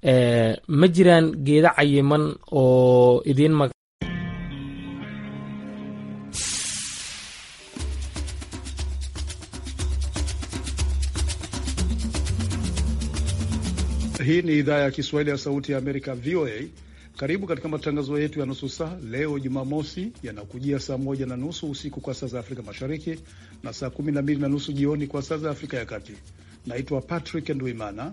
Eh, ma jiraan geeda cayiman oo idiin mag Hii ni idhaa ya Kiswahili ya Sauti ya Amerika, VOA. Karibu katika matangazo yetu ya nusu saa leo Jumamosi, yanakujia saa moja na nusu usiku kwa saa za Afrika Mashariki na saa kumi na mbili na nusu jioni kwa saa za Afrika ya Kati. Naitwa Patrick Nduimana.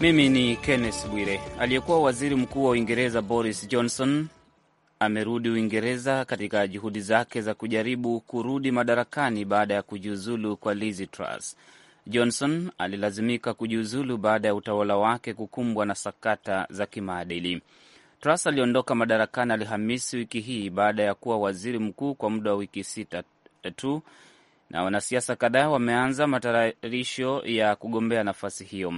Mimi ni Kenneth Bwire. Aliyekuwa waziri mkuu wa Uingereza Boris Johnson amerudi Uingereza katika juhudi zake za kujaribu kurudi madarakani baada ya kujiuzulu kwa Liz Truss. Johnson alilazimika kujiuzulu baada ya utawala wake kukumbwa na sakata za kimaadili. Truss aliondoka madarakani Alhamisi wiki hii baada ya kuwa waziri mkuu kwa muda wa wiki sita tu, na wanasiasa kadhaa wameanza matayarisho ya kugombea nafasi hiyo.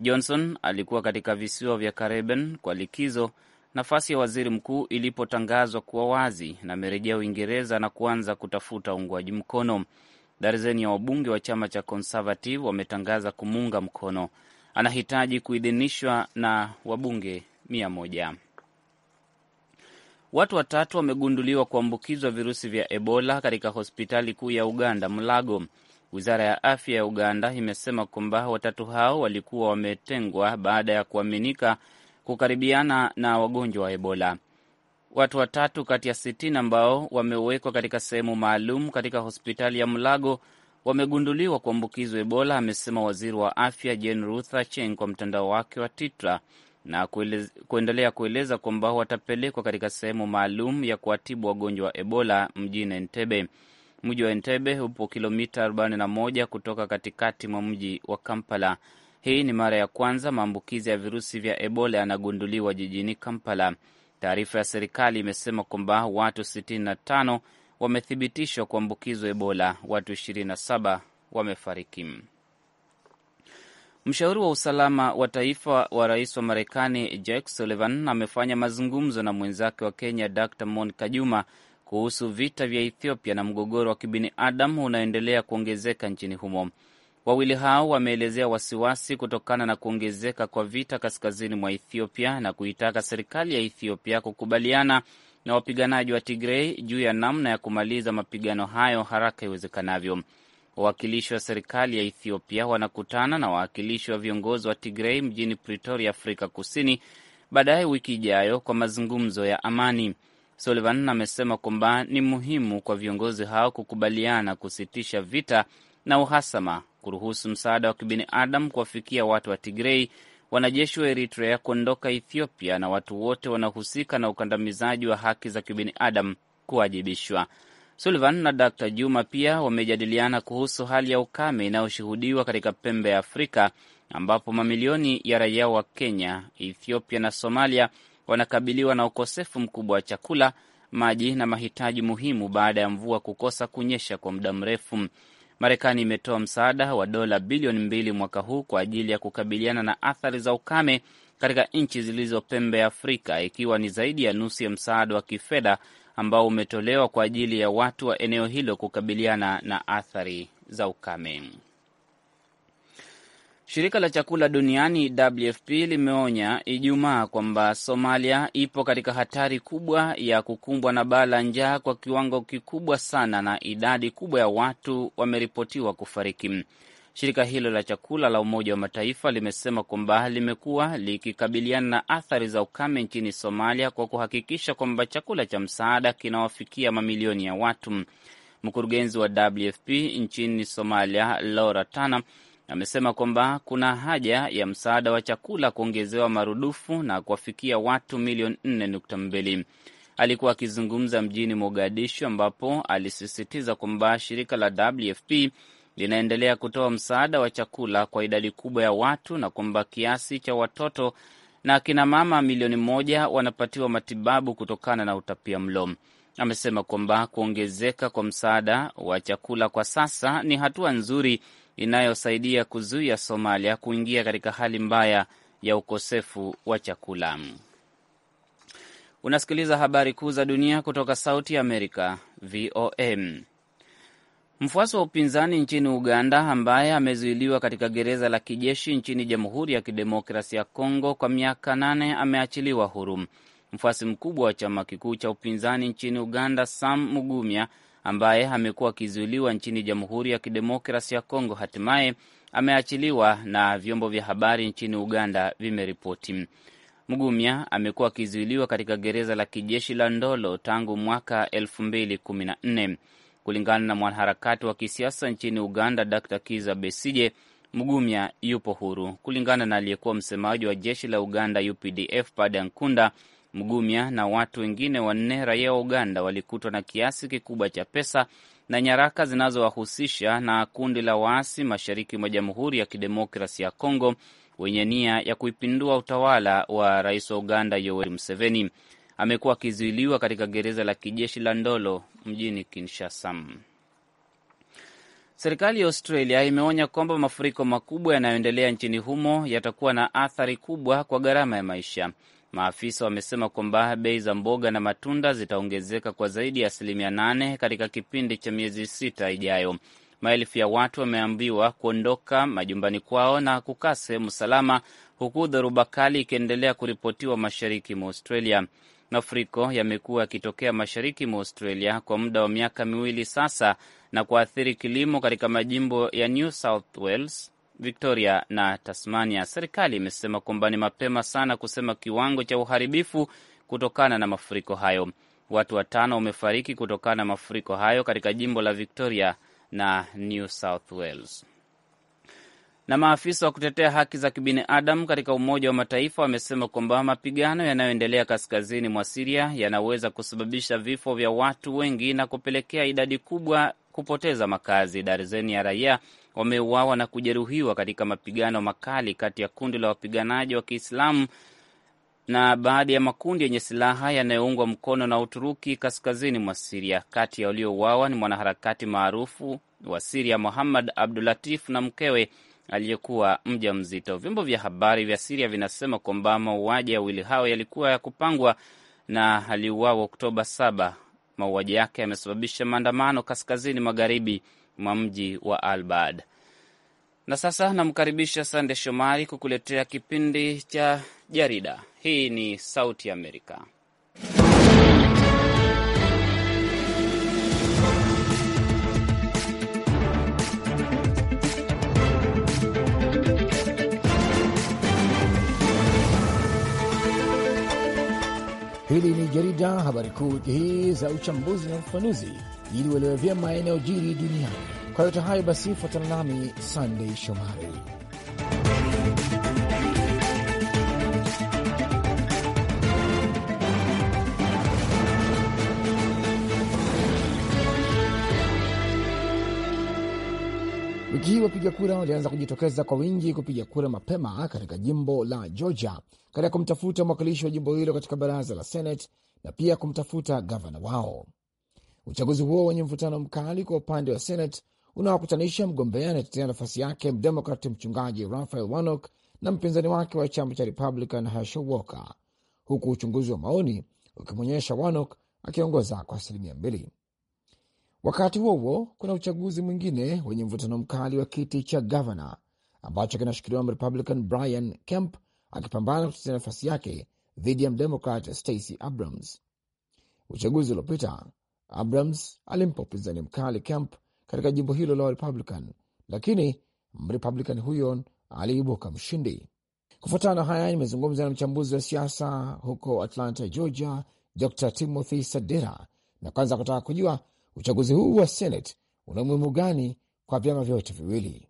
Johnson alikuwa katika visiwa vya Karibian kwa likizo nafasi ya waziri mkuu ilipotangazwa kuwa wazi, na amerejea Uingereza na kuanza kutafuta uungwaji mkono. Darzeni ya wabunge wa chama cha Conservative wametangaza kumuunga mkono. Anahitaji kuidhinishwa na wabunge mia moja. Watu watatu wamegunduliwa kuambukizwa virusi vya Ebola katika hospitali kuu ya Uganda, Mulago. Wizara ya afya ya Uganda imesema kwamba watatu hao walikuwa wametengwa baada ya kuaminika kukaribiana na wagonjwa wa Ebola. Watu watatu kati ya sitini ambao wamewekwa katika sehemu maalum katika hospitali ya Mulago wamegunduliwa kuambukizwa Ebola, amesema waziri wa afya Jane Ruth Acheng kwa mtandao wake wa Twitter na kueleza, kuendelea kueleza kwamba watapelekwa katika sehemu maalum ya kuwatibu wagonjwa wa Ebola mjini Entebbe. Mji wa Entebe upo kilomita 41 kutoka katikati mwa mji wa Kampala. Hii ni mara ya kwanza maambukizi ya virusi vya Ebola yanagunduliwa jijini Kampala. Taarifa ya serikali imesema kwamba watu 65 wamethibitishwa kuambukizwa Ebola, watu 27 wamefariki. Mshauri wa usalama wa taifa wa rais wa Marekani Jake Sullivan amefanya mazungumzo na mwenzake wa Kenya Dr Monica Juma kuhusu vita vya Ethiopia na mgogoro wa kibinadamu unaoendelea kuongezeka nchini humo. Wawili hao wameelezea wasiwasi kutokana na kuongezeka kwa vita kaskazini mwa Ethiopia na kuitaka serikali ya Ethiopia kukubaliana na wapiganaji wa Tigrei juu ya namna ya kumaliza mapigano hayo haraka iwezekanavyo. Wawakilishi wa serikali ya Ethiopia wanakutana na wawakilishi wa viongozi wa Tigrei mjini Pretoria, Afrika Kusini, baadaye wiki ijayo kwa mazungumzo ya amani. Sullivan amesema kwamba ni muhimu kwa viongozi hao kukubaliana kusitisha vita na uhasama, kuruhusu msaada wa kibinadamu kuwafikia watu wa Tigrei, wanajeshi wa Eritrea kuondoka Ethiopia na watu wote wanaohusika na ukandamizaji wa haki za kibinadamu kuwajibishwa. Sullivan na Dr Juma pia wamejadiliana kuhusu hali ya ukame inayoshuhudiwa katika pembe ya Afrika ambapo mamilioni ya raia wa Kenya, Ethiopia na Somalia wanakabiliwa na ukosefu mkubwa wa chakula, maji na mahitaji muhimu baada ya mvua kukosa kunyesha kwa muda mrefu. Marekani imetoa msaada wa dola bilioni mbili mwaka huu kwa ajili ya kukabiliana na athari za ukame katika nchi zilizo pembe ya Afrika, ikiwa ni zaidi ya nusu ya msaada wa kifedha ambao umetolewa kwa ajili ya watu wa eneo hilo kukabiliana na athari za ukame. Shirika la chakula duniani WFP limeonya Ijumaa kwamba Somalia ipo katika hatari kubwa ya kukumbwa na baa la njaa kwa kiwango kikubwa sana, na idadi kubwa ya watu wameripotiwa kufariki. Shirika hilo la chakula la Umoja wa Mataifa limesema kwamba limekuwa likikabiliana na athari za ukame nchini Somalia kwa kuhakikisha kwamba chakula cha msaada kinawafikia mamilioni ya watu. Mkurugenzi wa WFP nchini Somalia Laura Tana amesema kwamba kuna haja ya msaada wa chakula kuongezewa marudufu na kuwafikia watu milioni 4.2. Alikuwa akizungumza mjini Mogadishu, ambapo alisisitiza kwamba shirika la WFP linaendelea kutoa msaada wa chakula kwa idadi kubwa ya watu na kwamba kiasi cha watoto na akina mama milioni moja wanapatiwa matibabu kutokana na utapia mlo. Amesema kwamba kuongezeka kwa msaada wa chakula kwa sasa ni hatua nzuri inayosaidia kuzuia Somalia kuingia katika hali mbaya ya ukosefu wa chakula. Unasikiliza habari kuu za dunia kutoka Sauti ya Amerika, VOM. Mfuasi wa upinzani nchini Uganda ambaye amezuiliwa katika gereza la kijeshi nchini Jamhuri ya Kidemokrasia ya Kongo kwa miaka nane ameachiliwa huru. Mfuasi mkubwa wa chama kikuu cha upinzani nchini Uganda, Sam Mugumya, ambaye amekuwa akizuiliwa nchini Jamhuri ya Kidemokrasi ya Kongo hatimaye ameachiliwa na vyombo vya habari nchini Uganda vimeripoti. Mgumya amekuwa akizuiliwa katika gereza la kijeshi la Ndolo tangu mwaka 214 Kulingana na mwanaharakati wa kisiasa nchini Uganda Dr Kiza Besije, Mgumya yupo huru. Kulingana na aliyekuwa msemaji wa jeshi la Uganda UPDF Pada Nkunda, Mgumya na watu wengine wanne raia wa Uganda walikutwa na kiasi kikubwa cha pesa na nyaraka zinazowahusisha na kundi la waasi mashariki mwa Jamhuri ya Kidemokrasi ya Kongo wenye nia ya kuipindua utawala wa rais wa Uganda Yoweri Museveni. Amekuwa akizuiliwa katika gereza la kijeshi la Ndolo mjini Kinshasa. Serikali ya Australia imeonya kwamba mafuriko makubwa yanayoendelea nchini humo yatakuwa na athari kubwa kwa gharama ya maisha. Maafisa wamesema kwamba bei za mboga na matunda zitaongezeka kwa zaidi ya asilimia nane katika kipindi cha miezi sita ijayo. Maelfu ya watu wameambiwa kuondoka majumbani kwao na kukaa sehemu salama, huku dhoruba kali ikiendelea kuripotiwa mashariki mwa Australia. Mafuriko yamekuwa yakitokea mashariki mwa Australia kwa muda wa miaka miwili sasa na kuathiri kilimo katika majimbo ya New South Wales, Victoria na Tasmania. Serikali imesema kwamba ni mapema sana kusema kiwango cha uharibifu kutokana na mafuriko hayo. Watu watano wamefariki kutokana na mafuriko hayo katika jimbo la Victoria na New South Wales. Na maafisa wa kutetea haki za kibinadamu katika Umoja wa Mataifa wamesema kwamba mapigano yanayoendelea kaskazini mwa Siria yanaweza kusababisha vifo vya watu wengi na kupelekea idadi kubwa kupoteza makazi. Darzeni ya raia wameuawa na kujeruhiwa katika mapigano makali kati ya kundi la wapiganaji wa Kiislamu na baadhi ya makundi yenye silaha yanayoungwa mkono na Uturuki kaskazini mwa Siria. Kati ya waliouawa ni mwanaharakati maarufu wa Siria Muhammad Abdulatif na mkewe aliyekuwa mja mzito. Vyombo vya habari vya Siria vinasema kwamba mauaji ya wawili hao yalikuwa ya kupangwa na aliuawa Oktoba 7. Mauaji yake yamesababisha maandamano kaskazini magharibi mwa mji wa Albad. Na sasa namkaribisha Sande Shomari kukuletea kipindi cha jarida. Hii ni Sauti Amerika. Hili ni jarida, habari kuu wiki hii za uchambuzi na ufafanuzi ili uelewe vyema yanayojiri duniani. Kwa yote hayo basi, fuatana nami sandey Shomari. Wiki hii wapiga kura walianza kujitokeza kwa wingi kupiga kura mapema katika jimbo la Georgia katika kumtafuta mwakilishi wa jimbo hilo katika baraza la Senate na pia kumtafuta gavana wao. Uchaguzi huo wenye mvutano mkali kwa upande wa Senate unawakutanisha mgombea anayetetea nafasi yake mdemokrat mchungaji Raphael Warnock na mpinzani wake wa chama cha Republican Herschel Walker, huku uchunguzi wa maoni ukimwonyesha Warnock akiongoza kwa asilimia mbili. Wakati huo huo, kuna uchaguzi mwingine wenye mvutano mkali wa kiti cha gavana ambacho kinashikiliwa na Republican Brian Kemp akipambana kutetea nafasi yake dhidi ya mdemokrat Stacey Abrams. Uchaguzi uliopita Abrams alimpa upinzani mkali Camp katika jimbo hilo la Republican, lakini Mrepublican huyo aliibuka mshindi. Kufuatana na haya, nimezungumza na mchambuzi wa siasa huko Atlanta, Georgia, Dr Timothy Sadera, na kwanza kutaka kujua uchaguzi huu wa Senate una umuhimu gani kwa vyama vyote viwili.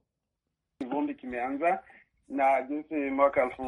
Kivumbi kimeanza na jinsi mwaka elfu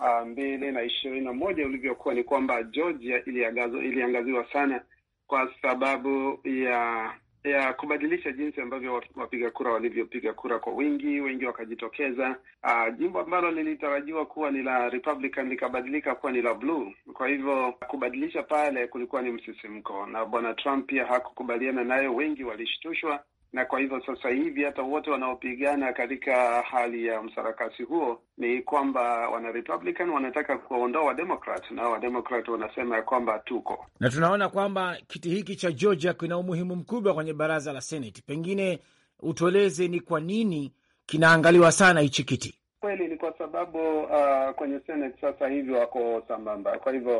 ah, mbili na ishirini na moja ulivyokuwa ni kwamba Georgia iliangaziwa sana kwa sababu ya ya kubadilisha jinsi ambavyo wapiga kura walivyopiga kura kwa wingi, wengi wakajitokeza. Uh, jimbo ambalo lilitarajiwa kuwa ni la Republican likabadilika kuwa ni la blue. Kwa hivyo kubadilisha pale kulikuwa ni msisimko, na bwana Trump pia hakukubaliana nayo, wengi walishtushwa na kwa hivyo sasa hivi hata wote wanaopigana katika hali ya msarakasi huo ni kwamba wana Republican wanataka kuwaondoa Wademokrat na Wademokrat wanasema ya kwamba tuko na tunaona kwamba kiti hiki cha Georgia kina umuhimu mkubwa kwenye baraza la Senate. Pengine utueleze ni kwa nini kinaangaliwa sana hichi kiti? Kweli ni kwa sababu uh, kwenye Senate sasa hivi wako sambamba, kwa hivyo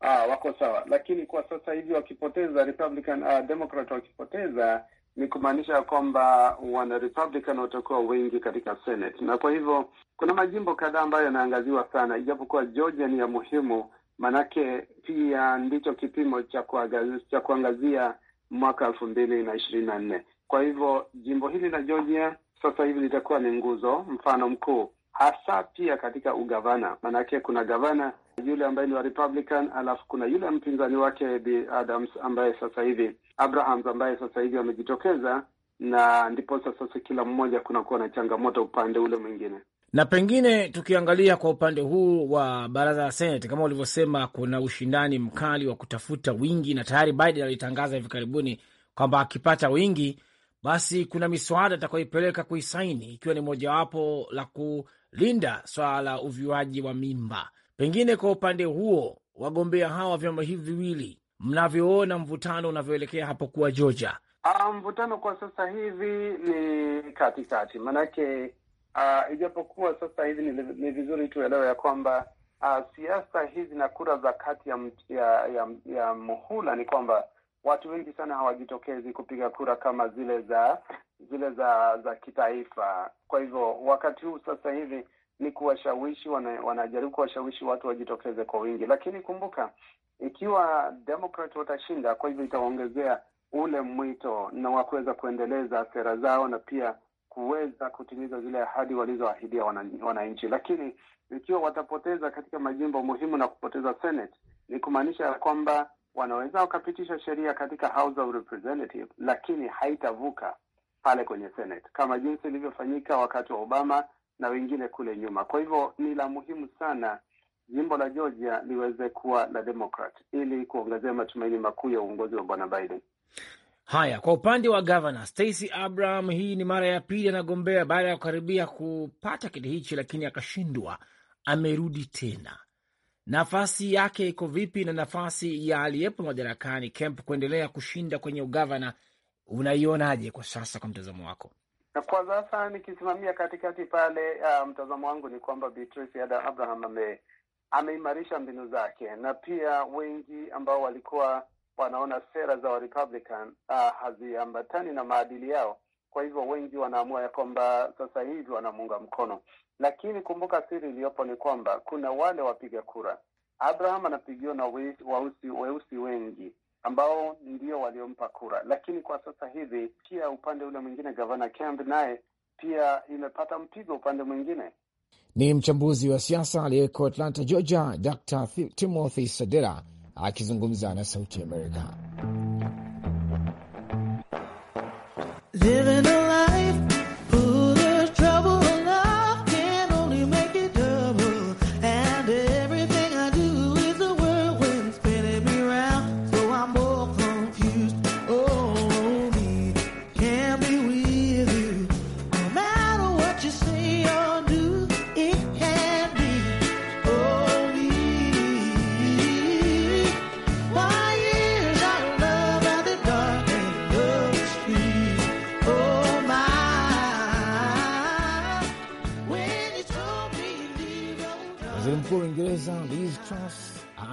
uh, wako sawa, lakini kwa sasa hivi wakipoteza Republican, uh, Democrat wakipoteza ni kumaanisha kwamba wana Republican watakuwa wengi katika Senate, na kwa hivyo kuna majimbo kadhaa ambayo yanaangaziwa sana, ijapokuwa Georgia ni ya muhimu, manake pia ndicho kipimo cha kuangazia, cha kuangazia mwaka elfu mbili na ishirini na nne. Kwa hivyo jimbo hili la Georgia sasa hivi litakuwa ni nguzo, mfano mkuu hasa pia katika ugavana, manake kuna gavana yule ambaye ni wa Republican, alafu kuna yule mpinzani wake Bi Adams ambaye sasa hivi Abrahams ambaye sasa hivi amejitokeza, na ndipo sasa kila mmoja kunakuwa na changamoto upande ule mwingine. Na pengine tukiangalia kwa upande huu wa baraza la Senate, kama ulivyosema, kuna ushindani mkali wa kutafuta wingi, na tayari Biden alitangaza hivi karibuni kwamba akipata wingi basi kuna miswada atakayoipeleka kuisaini ikiwa ni mojawapo la kulinda swala la uviwaji wa mimba. Pengine kwa upande huo wagombea hawa wa vyama hivi viwili mnavyoona mvutano unavyoelekea hapo kuwa Georgia? Uh, mvutano kwa sasa hivi ni katikati, maanake uh, ah, ijapokuwa sasa hivi ni, ni vizuri tuelewe ya kwamba uh, siasa hizi na kura za kati ya, ya, ya, ya muhula ni kwamba watu wengi sana hawajitokezi kupiga kura kama zile za zile za za kitaifa. Kwa hivyo wakati huu sasa hivi ni kuwashawishi wana, wanajaribu kuwashawishi watu wajitokeze kwa wingi, lakini kumbuka, ikiwa Demokrat watashinda, kwa hivyo itawaongezea ule mwito na wa kuweza kuendeleza sera zao na pia kuweza kutimiza zile ahadi walizoahidia wananchi. Lakini ikiwa watapoteza katika majimbo muhimu na kupoteza Senate, ni kumaanisha ya kwamba wanaweza wakapitisha sheria katika House of lakini haitavuka pale kwenye Senate kama jinsi ilivyofanyika wakati wa Obama na wengine kule nyuma. Kwa hivyo ni la muhimu sana jimbo la Georgia liweze kuwa la Democrat ili kuongezea matumaini makuu ya uongozi wa bwana Biden. Haya, kwa upande wa gavana Stacey Abraham, hii ni mara ya pili anagombea baada ya kukaribia kupata kiti hichi, lakini akashindwa. Amerudi tena, nafasi yake iko vipi na nafasi ya aliyepo madarakani Kemp kuendelea kushinda kwenye ugavana unaionaje kwa sasa, kwa mtazamo wako? Na kwa sasa nikisimamia katikati pale, uh, mtazamo wangu ni kwamba Beatrice Ada Abraham ame ameimarisha mbinu zake, na pia wengi ambao walikuwa wanaona sera za wa Republican uh, ah, haziambatani na maadili yao, kwa hivyo wengi wanaamua ya kwamba sasa hivi wanamuunga mkono. Lakini kumbuka, siri iliyopo ni kwamba kuna wale wapiga kura. Abraham anapigiwa na weusi weusi wengi ambao ndio waliompa kura, lakini kwa sasa hivi pia upande ule mwingine gavana Kemp naye pia imepata mpigo upande mwingine. Ni mchambuzi wa siasa aliyeko Atlanta, Georgia, Dr Timothy Sadera akizungumza na Sauti Amerika.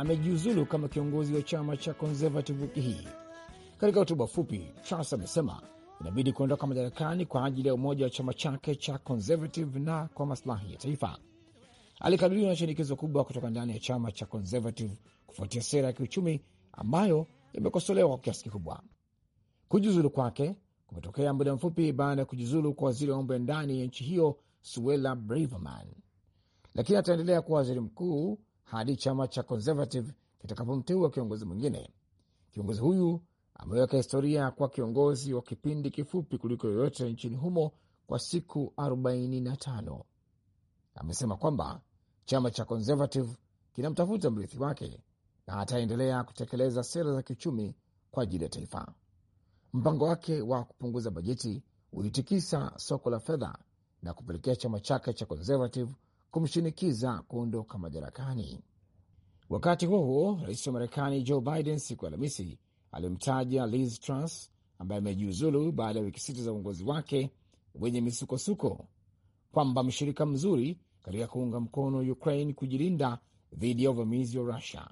amejiuzulu kama kiongozi wa chama cha Conservative wiki hii. Katika hotuba fupi, Truss amesema inabidi kuondoka madarakani kwa ajili ya umoja wa chama chake cha Conservative na kwa maslahi ya taifa. Alikabiliwa na shinikizo kubwa kutoka ndani ya chama cha Conservative kufuatia sera ya kiuchumi ambayo imekosolewa kwa kiasi kikubwa. Kujiuzulu kwake kumetokea muda mfupi baada ya kujiuzulu kwa waziri wa mambo ya ndani ya nchi hiyo Suella Braverman, lakini ataendelea kuwa waziri mkuu hadi chama cha Conservative kitakapomteua kiongozi mwingine. Kiongozi huyu ameweka historia kwa kiongozi wa kipindi kifupi kuliko yoyote nchini humo kwa siku 45. Amesema kwamba chama cha Conservative kinamtafuta mrithi wake na ataendelea kutekeleza sera za kiuchumi kwa ajili ya taifa. Mpango wake wa kupunguza bajeti ulitikisa soko la fedha na kupelekea chama chake cha Conservative kumshinikiza kuondoka madarakani. Wakati huo huo, rais wa Marekani Joe Biden siku Alhamisi alimtaja Liz Truss ambaye amejiuzulu baada ya wiki sita za uongozi wake wenye misukosuko kwamba mshirika mzuri katika kuunga mkono Ukraine kujilinda dhidi ya uvamizi wa Rusia,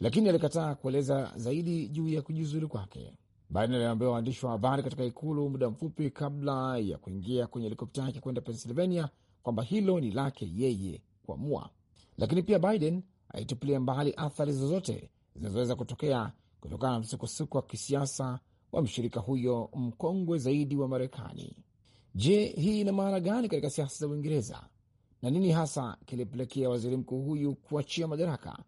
lakini alikataa kueleza zaidi juu ya kujiuzulu kwake. Biden aliambia waandishi wa habari katika ikulu muda mfupi kabla ya kuingia kwenye helikopta yake kwenda Pennsylvania kwamba hilo ni lake yeye kuamua, lakini pia Biden alitupilia mbali athari zozote zinazoweza kutokea kutokana na msukosuko wa kisiasa wa mshirika huyo mkongwe zaidi wa Marekani. Je, hii ina maana gani katika siasa za Uingereza na nini hasa kilipelekea waziri mkuu huyu kuachia madaraka?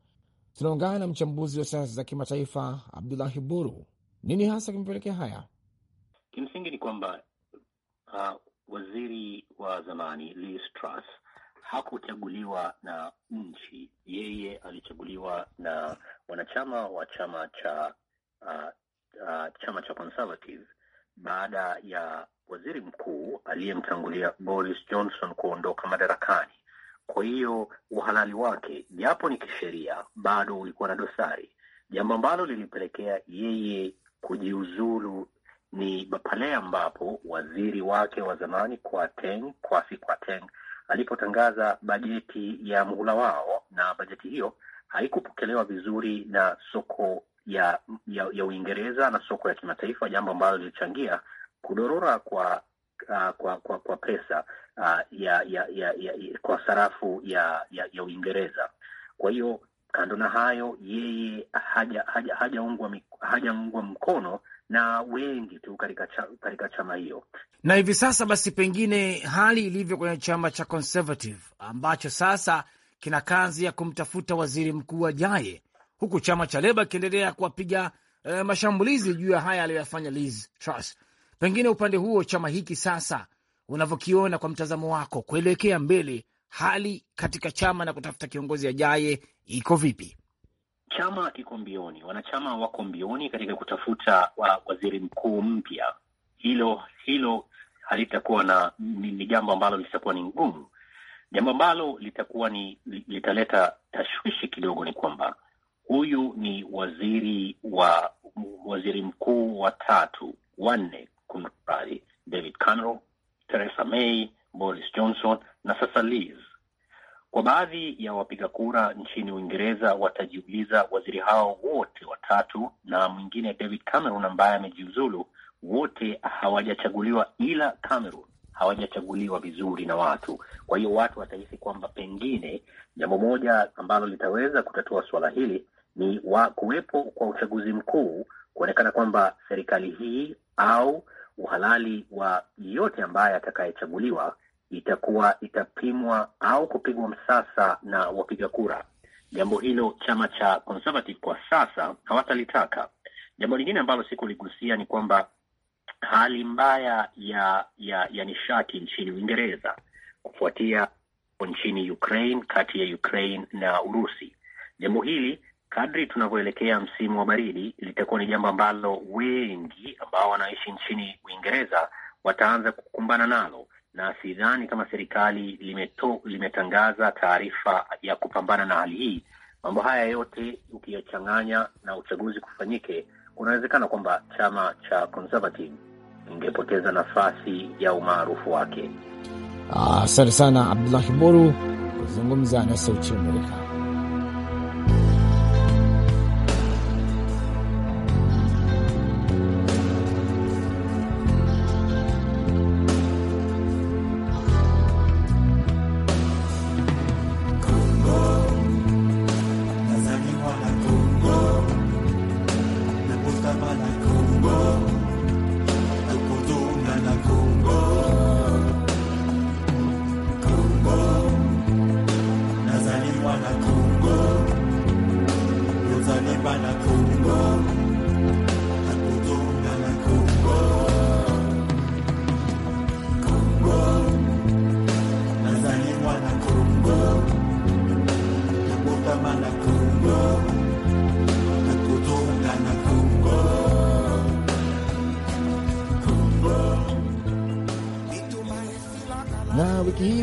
Tunaungana na mchambuzi wa siasa za kimataifa Abdullahi Buru. Nini hasa kimepelekea haya? Kimsingi ni kwamba uh, waziri wa zamani Liz Truss hakuchaguliwa na nchi, yeye alichaguliwa na wanachama wa chama cha uh, uh, chama cha Conservative baada ya waziri mkuu aliyemtangulia Boris Johnson kuondoka madarakani. Kwa hiyo uhalali wake, japo ni kisheria, bado ulikuwa na dosari, jambo ambalo lilipelekea yeye kujiuzulu ni pale ambapo waziri wake wa zamani Kwateng, Kwasi Kwarteng alipotangaza bajeti ya muhula wao, na bajeti hiyo haikupokelewa vizuri na soko ya, ya, ya Uingereza na soko ya kimataifa, jambo ambalo lilichangia kudorora kwa Uh, kwa, kwa kwa pesa uh, ya, ya, ya, ya kwa sarafu ya ya, ya Uingereza. Kwa hiyo kando na hayo, yeye hajaungwa haja hajaungwa mkono na wengi tu katika cha, chama hiyo. Na hivi sasa basi, pengine hali ilivyo kwenye chama cha Conservative ambacho sasa kina kazi ya kumtafuta waziri mkuu ajaye, huku chama cha Leba ikiendelea kuwapiga e, mashambulizi juu ya haya aliyoyafanya Liz Truss. Pengine upande huo chama hiki sasa unavyokiona kwa mtazamo wako kuelekea mbele, hali katika chama na kutafuta kiongozi ajaye iko vipi? chama kiko mbioni, wanachama wako mbioni katika kutafuta wa waziri mkuu mpya. Hilo hilo halitakuwa na ni, ni jambo ambalo litakuwa ni ngumu. Jambo ambalo litakuwa ni litaleta tashwishi kidogo ni kwamba huyu ni waziri wa waziri mkuu tatu wanne, kumradhi, David Cameron, Theresa May, Boris Johnson na sasa Liz kwa baadhi ya wapiga kura nchini Uingereza watajiuliza, waziri hao wote watatu na mwingine David Cameron ambaye amejiuzulu, wote hawajachaguliwa, ila Cameron hawajachaguliwa vizuri na watu. Kwa hiyo watu watahisi kwamba pengine jambo moja ambalo litaweza kutatua suala hili ni wa kuwepo kwa uchaguzi mkuu, kuonekana kwamba serikali hii au uhalali wa yeyote ambaye atakayechaguliwa itakuwa itapimwa au kupigwa msasa na wapiga kura. Jambo hilo chama cha Conservative kwa sasa hawatalitaka. Jambo lingine ambalo sikuligusia ni kwamba hali mbaya ya ya, ya nishati nchini Uingereza kufuatia nchini Ukraine, kati ya Ukraine na Urusi. Jambo hili kadri tunavyoelekea msimu wa baridi litakuwa ni jambo ambalo wengi ambao wanaishi nchini Uingereza wataanza kukumbana nalo, na sidhani kama serikali limeto, limetangaza taarifa ya kupambana na hali hii. Mambo haya yote ukiyachanganya na uchaguzi kufanyike, kunawezekana kwamba chama cha Conservative ingepoteza nafasi ya umaarufu wake. Asante ah, sana Abdullahi Boru kuzungumza na Sauti ya Amerika. Hasta Malacumbo.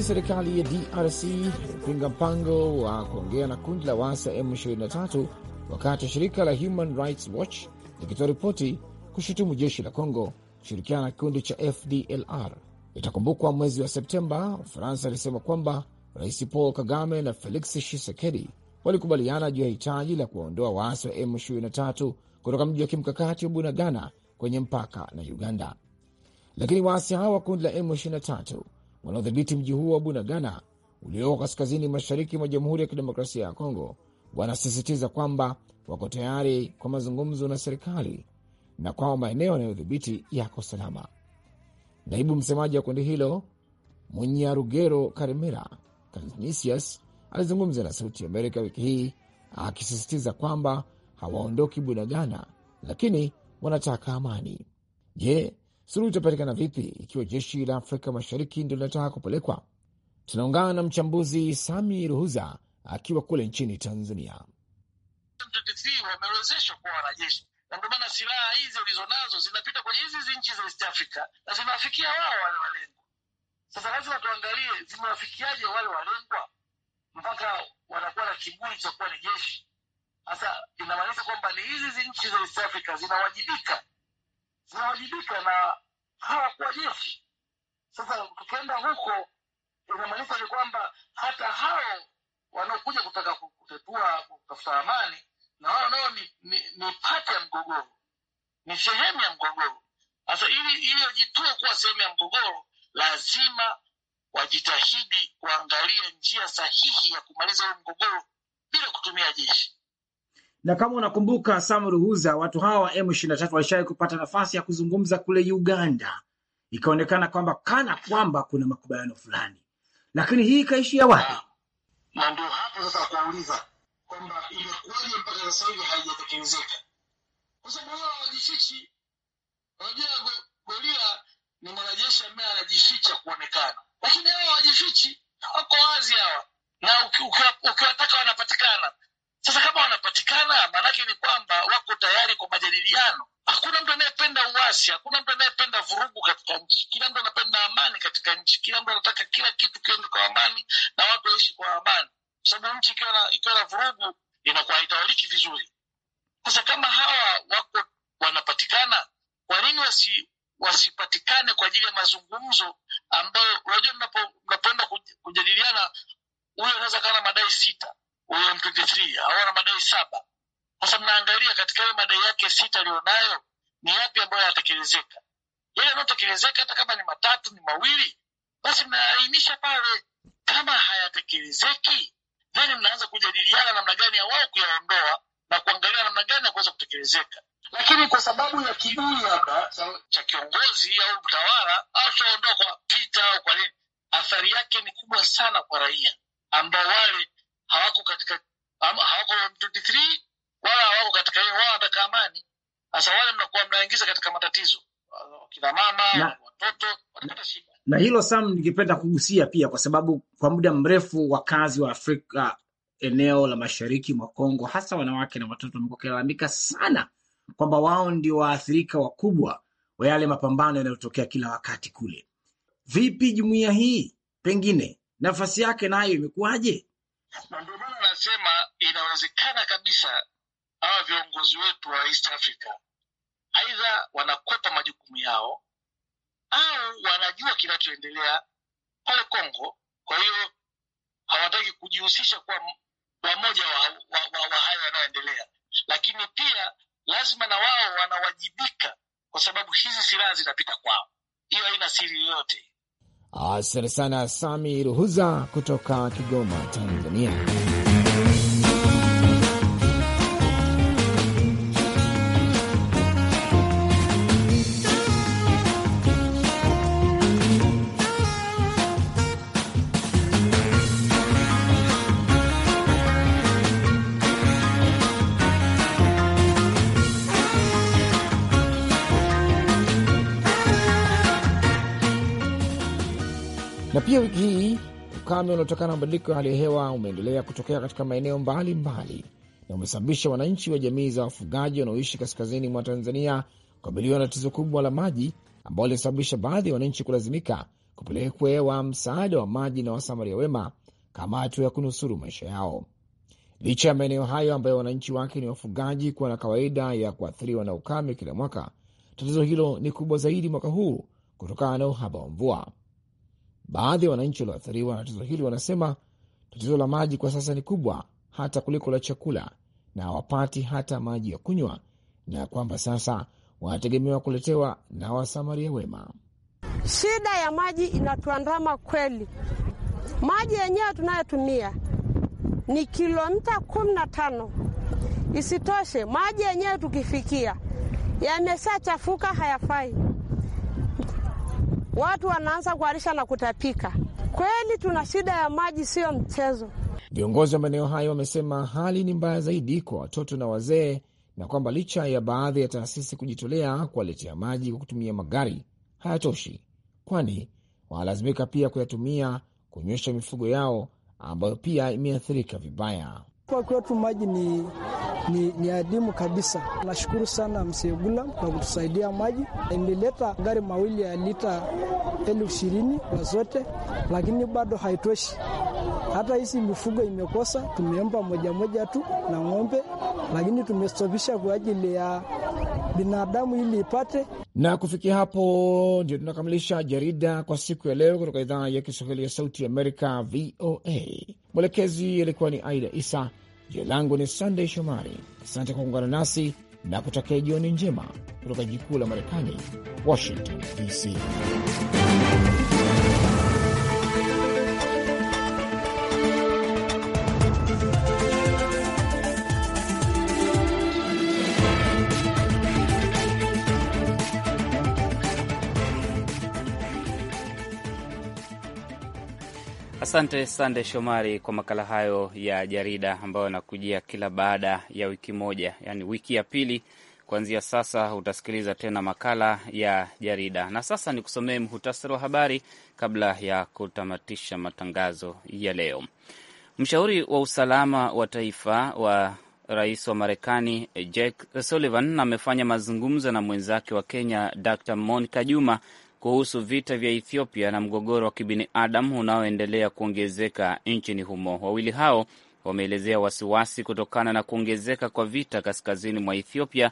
serikali ya DRC imepinga mpango wa kuongea na kundi la waasi la M23, wakati shirika la Human Rights Watch likitoa ripoti kushutumu jeshi la Kongo kushirikiana na kikundi cha FDLR. Itakumbukwa mwezi wa Septemba, Ufaransa alisema kwamba Rais Paul Kagame na Felix Tshisekedi walikubaliana juu ya hitaji la kuwaondoa waasi wa M23 kutoka mji wa kimkakati wa Bunagana kwenye mpaka na Uganda, lakini waasi hao wa kundi la M23 wanaodhibiti mji huo wa Bunagana ulioko kaskazini mashariki mwa Jamhuri ya Kidemokrasia ya Kongo wanasisitiza kwamba wako tayari kwa mazungumzo na serikali na kwao maeneo yanayodhibiti yako salama. Naibu msemaji wa kundi hilo Munyarugero Karemera Kanisius alizungumza na Sauti Amerika wiki hii akisisitiza kwamba hawaondoki Bunagana, lakini wanataka amani. Je, Suluhu itapatikana vipi ikiwa jeshi la Afrika Mashariki ndio linataka kupelekwa? Tunaungana na mchambuzi Sami Ruhuza akiwa kule nchini Tanzania. kuwa wanajeshi na ndio maana silaha hizi zinapita kwenye hizi hizi nchi za East Africa na zinawafikia wao wale walengwa. Sasa lazima tuangalie zimewafikiaje wale walengwa mpaka wanakuwa na kiburi cha kuwa ni jeshi. Sasa inamaanisha kwamba ni hizi hizi nchi za East Africa zinawajibika, zinawajibika na hawakuajesi. Sasa tukienda huko, inamaanisha ni kwamba hata hao wanaokuja kutaka kutetua kutafuta amani, na wao nao ni, ni, ni pati ya mgogoro, ni sehemu ya mgogoro. Sasa ili iliyojitoa kuwa sehemu ya mgogoro, lazima wajitahidi kuangalia njia sahihi ya kumaliza huo mgogoro bila kutumia jeshi na kama unakumbuka Sam Ruhuza, watu hawa wa M23 walishawahi kupata nafasi ya kuzungumza kule Uganda, ikaonekana kwamba kana kwamba kuna makubaliano fulani, lakini hii ikaishia wapi? Na ndio hapo sasa kuuliza kwamba imekuwaje mpaka sasa hivi haijatekelezeka, kwa sababu wao Unajua, ni mwanajeshi ambaye anajificha kuonekana, lakini hao hawajifichi, wako wazi hawa, na ukiwataka wanapatikana. Sasa kama wanapatikana, maanake ni kwamba wako tayari kwa majadiliano. Hakuna mtu anayependa uasi, hakuna mtu anayependa vurugu katika nchi. Kila mtu anapenda amani katika nchi, kila mtu anataka kila kitu kiende kwa amani na watu waishi kwa amani, kwa sababu nchi ikiwa na vurugu inakuwa haitawaliki vizuri. Sasa kama hawa wako wanapatikana, kwa nini wasi wasipatikane kwa ajili ya mazungumzo ambayo unajua, mnapoenda kujadiliana, huyo anaweza kaa na madai sita M23 hawana madai saba. Sasa mnaangalia katika ile madai yake sita aliyonayo ni yapi ambayo yanatekelezeka. Yale yanayotekelezeka hata kama ni matatu ni mawili, basi mnaainisha pale. Kama hayatekelezeki, then mnaanza kujadiliana namna gani ya wao kuyaondoa na kuangalia namna gani ya kuweza kutekelezeka. Lakini kwa sababu ya kiburi labda cha kiongozi au mtawala, au tutaondoa kwa vita au kwa nini, athari yake ni kubwa sana kwa raia ambao wale hawako katika hawako 23 wala hawako katika hiyo, wao wanataka amani. Sasa wale mnakuwa mnaingiza katika matatizo uh, kina mama, watoto watapata shida. Na hilo Sam, ningependa kugusia pia, kwa sababu kwa muda mrefu wakazi wa Afrika eneo la mashariki mwa Kongo, hasa wanawake na watoto, wamekuwa wakilalamika sana kwamba wao ndio waathirika wakubwa wa yale mapambano yanayotokea kila wakati kule. Vipi jumuiya hii, pengine nafasi yake nayo imekuwaje? na ndio maana anasema inawezekana kabisa hawa viongozi wetu wa East Africa aidha wanakwepa majukumu yao au wanajua kinachoendelea pale Kongo, kwa hiyo hawataki kujihusisha kwa wamoja wa, wa, wa, wa hayo yanayoendelea, lakini pia lazima na wao wanawajibika kwa sababu hizi silaha zinapita kwao. Hiyo haina siri yoyote. Asante sana Sami Ruhuza kutoka Kigoma, Tanzania. 你也。Ukame unaotokana na mabadiliko ya hali ya hewa umeendelea kutokea katika maeneo mbalimbali na umesababisha wananchi wa jamii za wafugaji wanaoishi kaskazini mwa Tanzania kukabiliwa na tatizo kubwa la maji ambao lilisababisha baadhi ya wananchi kulazimika kupelekwa msaada wa maji na wasamaria wema kama hatua ya kunusuru maisha yao. Licha ya maeneo hayo ambayo wananchi wake ni wafugaji kuwa na kawaida ya kuathiriwa na ukame kila mwaka, tatizo hilo ni kubwa zaidi mwaka huu kutokana na uhaba wa mvua. Baadhi ya wananchi walioathiriwa na tatizo hili wanasema tatizo la maji kwa sasa ni kubwa hata kuliko la chakula, na hawapati hata maji ya kunywa, na kwamba sasa wanategemewa kuletewa na wasamaria wema. Shida ya maji inatuandama kweli. Maji yenyewe tunayotumia ni kilomita kumi na tano. Isitoshe, maji yenyewe tukifikia yameshachafuka, hayafai watu wanaanza kuharisha na kutapika. Kweli tuna shida ya maji, siyo mchezo. Viongozi wa maeneo hayo wamesema hali ni mbaya zaidi kwa watoto na wazee, na kwamba licha ya baadhi ya taasisi kujitolea kuwaletea maji kwa kutumia magari hayatoshi, kwani wanalazimika pia kuyatumia kunywesha mifugo yao ambayo pia imeathirika vibaya. Kwa kwetu maji ni, ni, ni adimu kabisa. Nashukuru sana Msegula kwa kutusaidia maji, imeleta gari mawili ya lita elfu ishirini kwa zote, lakini bado haitoshi. Hata hizi mifugo imekosa, tumeomba moja moja tu na ng'ombe, lakini tumestopisha kwa ajili ya binadamu ili ipate. Na kufikia hapo, ndio tunakamilisha jarida kwa siku ya leo kutoka idhaa ya Kiswahili ya Sauti Amerika, VOA. Mwelekezi alikuwa ni Aida Isa. Jina langu ni Sandey Shomari. Asante kwa kuungana nasi na kutakia jioni njema kutoka jikuu la Marekani, Washington DC. Asante Sande Shomari kwa makala hayo ya jarida ambayo yanakujia kila baada ya wiki moja, yaani wiki ya pili kuanzia sasa utasikiliza tena makala ya jarida. Na sasa ni kusomee mhutasari wa habari kabla ya kutamatisha matangazo ya leo. Mshauri wa usalama wa taifa wa rais wa Marekani Jake Sullivan amefanya mazungumzo na mwenzake wa Kenya Dr Monica Juma kuhusu vita vya Ethiopia na mgogoro wa kibinadamu unaoendelea kuongezeka nchini humo. Wawili hao wameelezea wasiwasi kutokana na kuongezeka kwa vita kaskazini mwa Ethiopia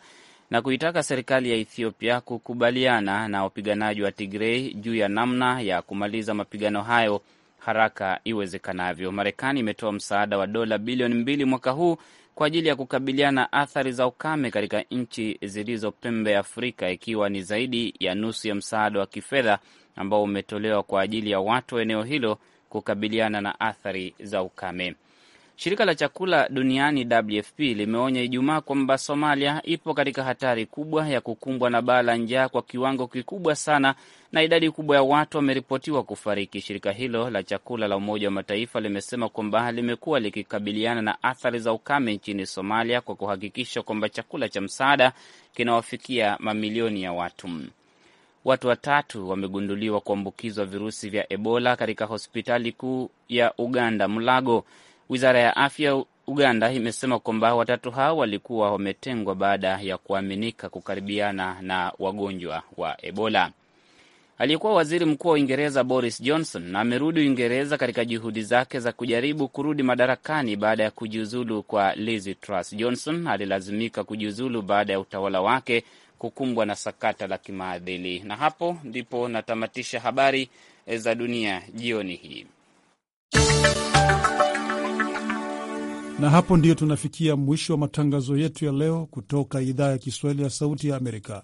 na kuitaka serikali ya Ethiopia kukubaliana na wapiganaji wa Tigrei juu ya namna ya kumaliza mapigano hayo haraka iwezekanavyo. Marekani imetoa msaada wa dola bilioni mbili mwaka huu kwa ajili ya kukabiliana na athari za ukame katika nchi zilizo pembe ya Afrika, ikiwa ni zaidi ya nusu ya msaada wa kifedha ambao umetolewa kwa ajili ya watu wa eneo hilo kukabiliana na athari za ukame. Shirika la chakula duniani WFP limeonya Ijumaa kwamba Somalia ipo katika hatari kubwa ya kukumbwa na baa la njaa kwa kiwango kikubwa sana na idadi kubwa ya watu wameripotiwa kufariki. Shirika hilo la chakula la Umoja wa Mataifa limesema kwamba limekuwa likikabiliana na athari za ukame nchini Somalia kwa kuhakikisha kwamba chakula cha msaada kinawafikia mamilioni ya watu. Watu watatu wamegunduliwa kuambukizwa virusi vya Ebola katika hospitali kuu ya Uganda Mulago. Wizara ya afya Uganda imesema kwamba watatu hao walikuwa wametengwa baada ya kuaminika kukaribiana na wagonjwa wa Ebola. Aliyekuwa waziri mkuu wa Uingereza Boris Johnson amerudi Uingereza katika juhudi zake za kujaribu kurudi madarakani baada ya kujiuzulu kwa Liz Truss. Johnson alilazimika kujiuzulu baada ya utawala wake kukumbwa na sakata la kimaadili. Na hapo ndipo natamatisha habari eh, za dunia jioni hii. Na hapo ndiyo tunafikia mwisho wa matangazo yetu ya leo kutoka idhaa ya Kiswahili ya Sauti ya Amerika.